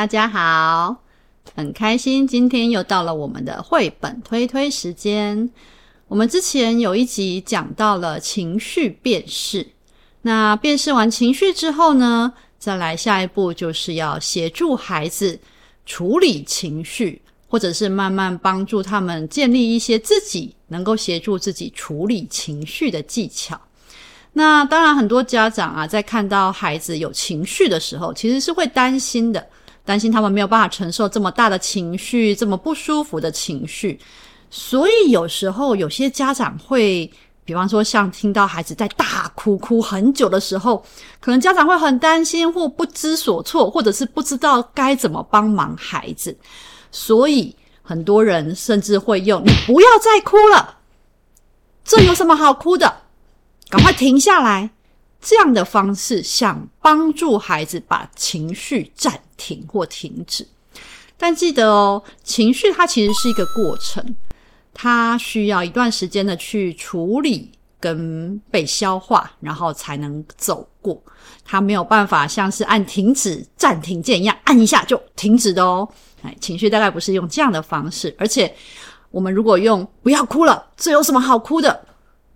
大家好，很開心，今天又到了我們的繪本推推時間。我們之前有一集講到了情緒辨識，那辨識完情緒之後呢，再來下一步就是要協助孩子處理情緒，或者是慢慢幫助他們建立一些自己能夠協助自己處理情緒的技巧。那當然，很多家長啊，在看到孩子有情緒的時候，其實是會擔心的。擔心他們沒有辦法承受這麼大的情緒，這麼不舒服的情緒，所以有時候有些家長會，比方說像聽到孩子在大哭哭很久的時候，可能家長會很擔心或不知所措，或者是不知道該怎麼幫忙孩子，所以很多人甚至會用“你不要再哭了，這有什麼好哭的？趕快停下來。”這樣的方式想幫助孩子把情緒暫停或停止，但記得哦，情緒它其實是一個過程，它需要一段時間的去處理跟被消化，然後才能走過。它沒有辦法像是按停止、暫停鍵一樣，按一下就停止的哦。哎，情緒大概不是用這樣的方式。而且，我們如果用“不要哭了，這有什麼好哭的”，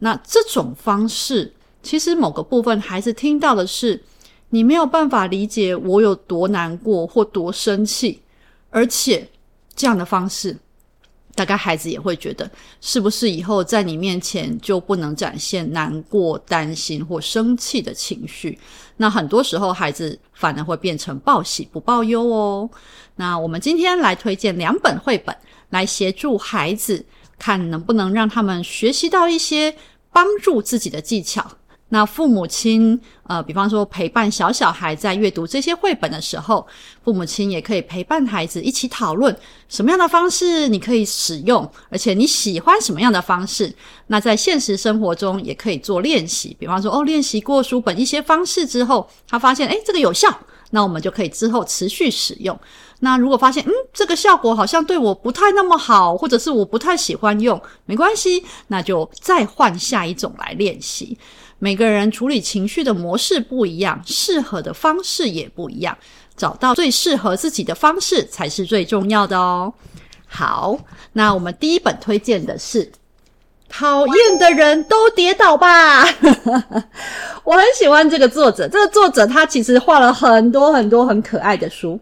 那這種方式。其實某個部分，孩子聽到的是你沒有辦法理解我有多難過或多生氣，而且這樣的方式，大概孩子也會覺得，是不是以後在你面前就不能展現難過、擔心或生氣的情緒？那很多時候，孩子反而會變成報喜不報憂哦。那我們今天來推薦兩本繪本，來協助孩子，看能不能讓他們學習到一些幫助自己的技巧。那父母親，呃，比方說陪伴小小孩在閱讀這些繪本的時候，父母親也可以陪伴孩子一起討論什麼樣的方式你可以使用，而且你喜歡什麼樣的方式？那在現實生活中也可以做練習。比方說，哦，練習過書本一些方式之後，他發現誒，這個有效，那我們就可以之後持續使用。那如果發現嗯，這個效果好像對我不太那麼好，或者是我不太喜歡用，沒關係，那就再換下一種來練習。每個人處理情緒的模式模式不一樣，適合的方式也不一樣，找到最適合自己的方式才是最重要的哦。好，那我們第一本推薦的是《討厭的人都跌倒吧。》 我很喜歡這個作者，這個作者他其實畫了很多很多很可愛的書。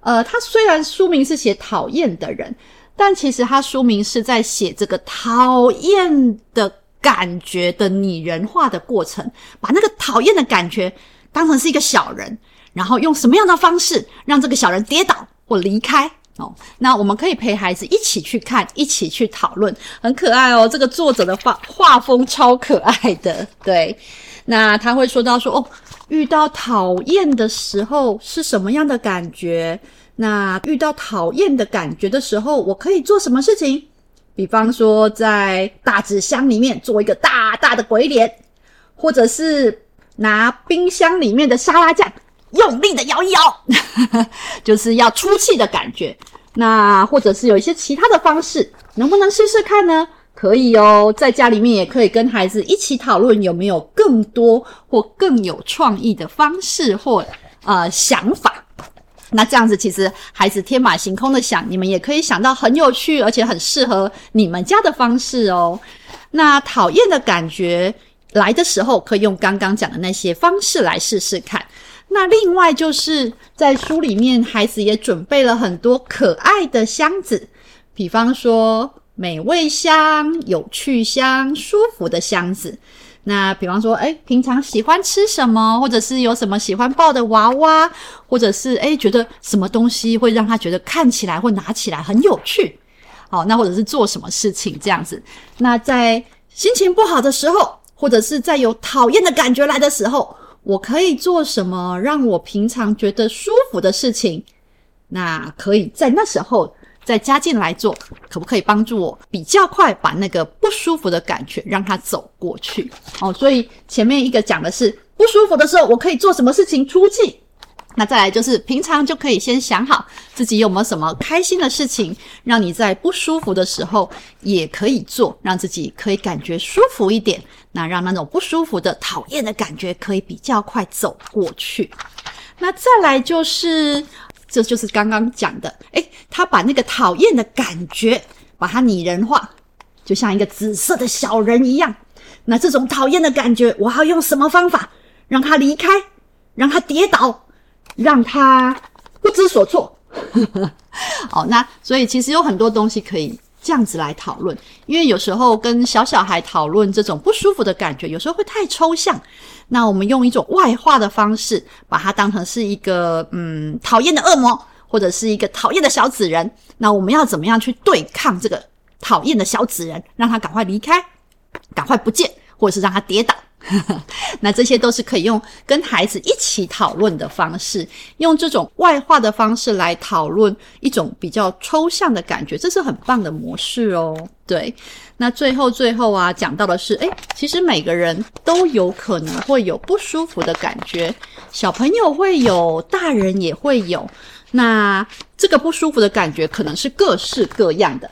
呃，他雖然書名是寫“討厭的人”，但其實他書名是在寫這個“討厭的”。感覺的擬人化的過程，把那個討厭的感覺當成是一個小人，然後用什麼樣的方式讓這個小人跌倒或離開？哦，那我們可以陪孩子一起去看，一起去討論。很可愛哦，這個作者的畫畫風超可愛的，對。那他會說到說哦，遇到討厭的時候是什麼樣的感覺？那遇到討厭的感覺的時候，我可以做什麼事情？比方說，在大紙箱裡面做一個大大的鬼臉，或者是拿冰箱裡面的沙拉醬，用力的搖一搖，哈哈，就是要出氣的感覺。那或者是有一些其他的方式，能不能試試看呢？可以哦，在家裡面也可以跟孩子一起討論有沒有更多或更有創意的方式或，呃，想法。那這樣子，其實孩子天馬行空的想，你們也可以想到很有趣，而且很適合你們家的方式哦。那討厭的感覺來的時候，可以用剛剛講的那些方式來試試看。那另外就是在書裡面，孩子也準備了很多可愛的箱子，比方說美味箱、有趣箱、舒服的箱子。那比方說，誒，平常喜歡吃什麼，或者是有什麼喜歡抱的娃娃，或者是誒，覺得什麼東西會讓他覺得看起來或拿起來很有趣。好、哦，那或者是做什麼事情這樣子。那在心情不好的時候，或者是在有討厭的感覺來的時候，我可以做什麼讓我平常覺得舒服的事情？那可以在那時候。再加進來做，可不可以幫助我比較快把那個不舒服的感覺讓它走過去？哦，所以前面一個講的是不舒服的時候，我可以做什麼事情出氣。那再來就是平常就可以先想好自己有沒有什麼開心的事情，讓你在不舒服的時候也可以做，讓自己可以感覺舒服一點。那讓那種不舒服的、討厭的感覺可以比較快走過去。那再來就是。這就是剛剛講的，誒，他把那個討厭的感覺，把它擬人化，就像一個紫色的小人一樣。那這種討厭的感覺，我要用什麼方法讓他離開，讓他跌倒，讓他不知所措？呵呵 好，那所以其實有很多東西可以。這樣子來討論，因為有時候跟小小孩討論這種不舒服的感覺，有時候會太抽象。那我們用一種外化的方式，把它當成是一個嗯討厭的惡魔，或者是一個討厭的小紙人。那我們要怎麼樣去對抗這個討厭的小紙人，讓他趕快離開，趕快不見，或者是讓他跌倒。 那這些都是可以用跟孩子一起討論的方式，用這種外化的方式來討論一種比較抽象的感覺，這是很棒的模式哦。對，那最後最後啊，講到的是，誒、欸，其實每個人都有可能會有不舒服的感覺，小朋友會有，大人也會有。那這個不舒服的感覺可能是各式各樣的，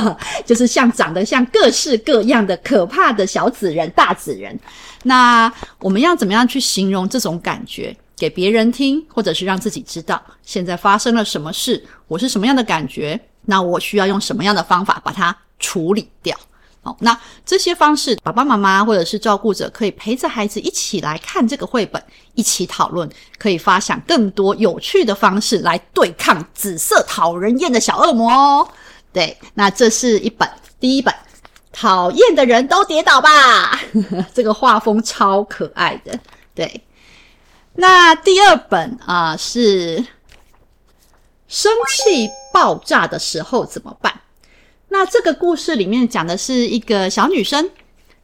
就是像長得像各式各樣的可怕的小紙人、大紙人。那我們要怎麼樣去形容這種感覺給別人聽，或者是讓自己知道現在發生了什麼事，我是什麼樣的感覺？那我需要用什麼樣的方法把它處理掉？好、哦，那這些方式，爸爸媽媽或者是照顧者可以陪着孩子一起來看這個繪本，一起討論，可以發想更多有趣的方式來對抗紫色討人厭的小惡魔哦。對，那這是一本第一本。討厭的人都跌倒吧， 這個畫風超可愛的。對，那第二本啊是生氣爆炸的時候怎麼辦？那這個故事裡面講的是一個小女生。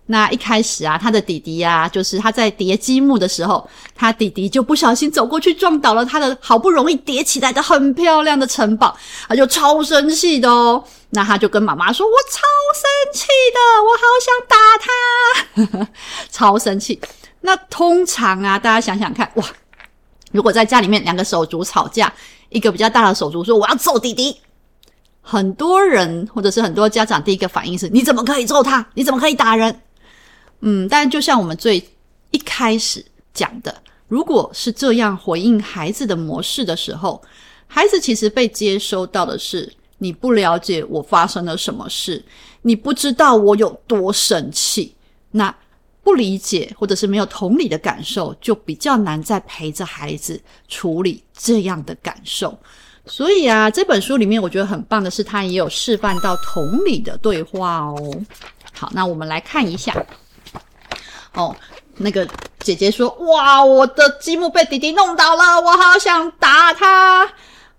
那一開始啊，他的弟弟呀，啊，就是他在疊積木的時候，他弟弟就不小心走過去撞倒了他的好不容易疊起來的很漂亮的城堡，他就超生氣的哦。那他就跟媽媽說：“我超生氣的，我好想打他。 ”超生氣。那通常啊，大家想想看，哇，如果在家裡面兩個手足吵架，一個比較大的手足說：“我要揍弟弟。”很多人或者是很多家長第一個反應是：“你怎麼可以揍他？你怎麼可以打人？”嗯，但就像我們最一開始講的，如果是這樣回應孩子的模式的時候，孩子其實被接收到的是，你不了解我發生了什麼事，你不知道我有多生氣，那不理解或者是沒有同理的感受，就比較難再陪着孩子處理這樣的感受。所以啊，這本書裡面我覺得很棒的是，他也有示範到同理的對話哦。好，那我們來看一下。哦，那個姐姐說：“哇，我的積木被弟弟弄倒了，我好想打他。”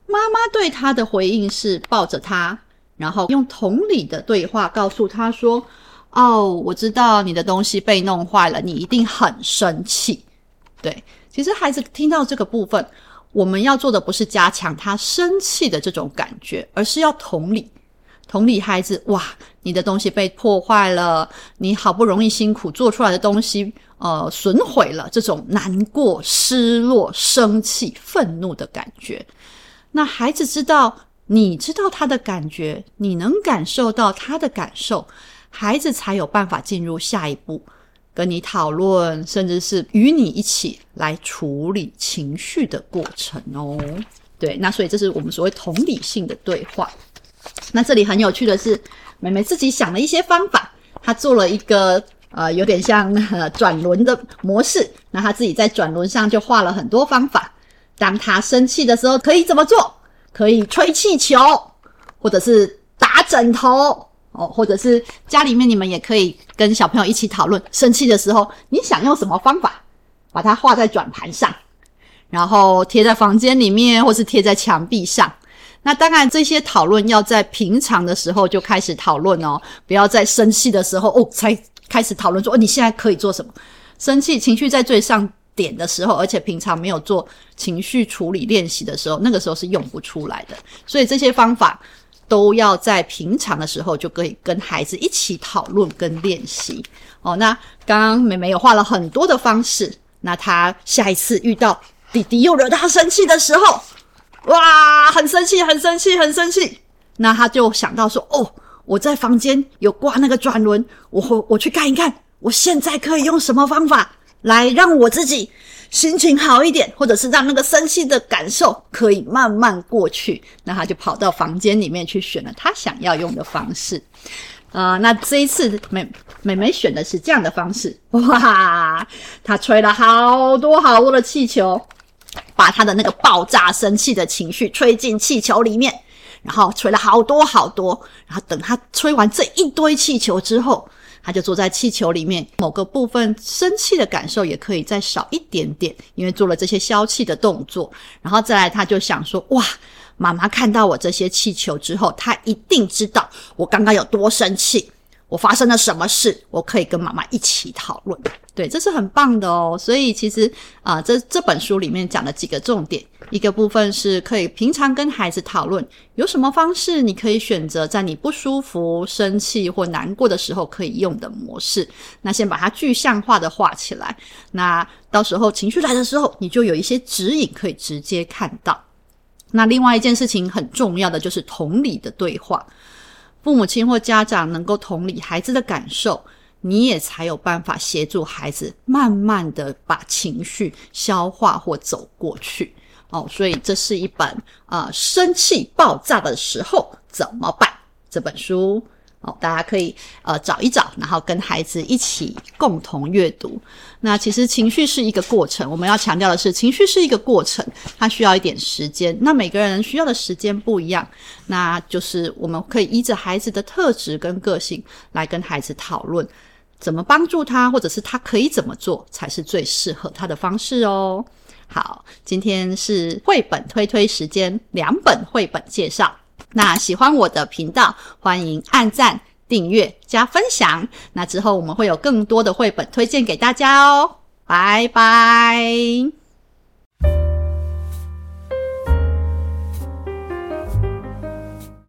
媽媽對他的回應是抱着他，然後用同理的對話告訴他說：“哦，我知道你的東西被弄壞了，你一定很生氣。”對，其實孩子聽到這個部分，我們要做的不是加強他生氣的這種感覺，而是要同理，同理孩子。哇！你的東西被破壞了，你好不容易辛苦做出來的東西，呃，損毀了，這種難過、失落、生氣、憤怒的感覺，那孩子知道，你知道他的感覺，你能感受到他的感受，孩子才有辦法進入下一步跟你討論，甚至是與你一起來處理情緒的過程哦。對，那所以這是我們所謂同理性的對話。那這裡很有趣的是，妹妹自己想了一些方法，她做了一個呃有點像轉輪的模式。那她自己在轉輪上就畫了很多方法。當她生氣的時候，可以怎麼做？可以吹氣球，或者是打枕頭哦，或者是家裡面你們也可以跟小朋友一起討論，生氣的時候你想用什麼方法？把它畫在轉盤上，然後貼在房間裡面，或是貼在牆壁上。那當然，這些討論要在平常的時候就開始討論哦，不要在生氣的時候哦才開始討論說哦，你現在可以做什麼？生氣情緒在最上點的時候，而且平常沒有做情緒處理練習的時候，那個時候是用不出來的。所以這些方法都要在平常的時候就可以跟孩子一起討論跟練習哦。那剛剛妹妹有畫了很多的方式，那她下一次遇到弟弟又惹她生氣的時候。哇，很生氣，很生氣，很生氣！那他就想到說：“哦，我在房間有掛那個轉輪，我我去看一看，我現在可以用什麼方法來讓我自己心情好一點，或者是讓那個生氣的感受可以慢慢過去。”那他就跑到房間裡面去選了他想要用的方式。啊、呃，那這一次美美美選的是這樣的方式，哇，她吹了好多好多的氣球。把他的那個爆炸生氣的情緒吹進氣球裡面，然後吹了好多好多，然後等他吹完這一堆氣球之後，他就坐在氣球裡面，某個部分生氣的感受也可以再少一點點，因為做了這些消氣的動作。然後再來，他就想說：哇，媽媽看到我這些氣球之後，她一定知道我剛剛有多生氣。我發生了什麼事？我可以跟媽媽一起討論，對，這是很棒的哦。所以其實啊，呃，這這本書裡面講了幾個重點。一個部分是可以平常跟孩子討論，有什麼方式你可以選擇，在你不舒服、生氣或難過的時候可以用的模式。那先把它具象化的畫起來。那到時候情緒來的時候，你就有一些指引可以直接看到。那另外一件事情很重要的就是同理的對話。父母親或家長能夠同理孩子的感受，你也才有辦法協助孩子慢慢的把情緒消化或走過去。哦，所以這是一本啊，呃，生氣爆炸的時候怎麼辦？這本書。哦，大家可以呃找一找，然後跟孩子一起共同閱讀。那其實情緒是一個過程，我們要強調的是，情緒是一個過程，它需要一點時間。那每個人需要的時間不一樣，那就是我們可以依着孩子的特質跟個性來跟孩子討論，怎麼幫助他，或者是他可以怎麼做，才是最適合他的方式哦。好，今天是繪本推推時間，兩本繪本介紹。那喜歡我的頻道，歡迎按讚、訂閱、加分享。那之後我們會有更多的繪本推薦給大家哦，拜拜。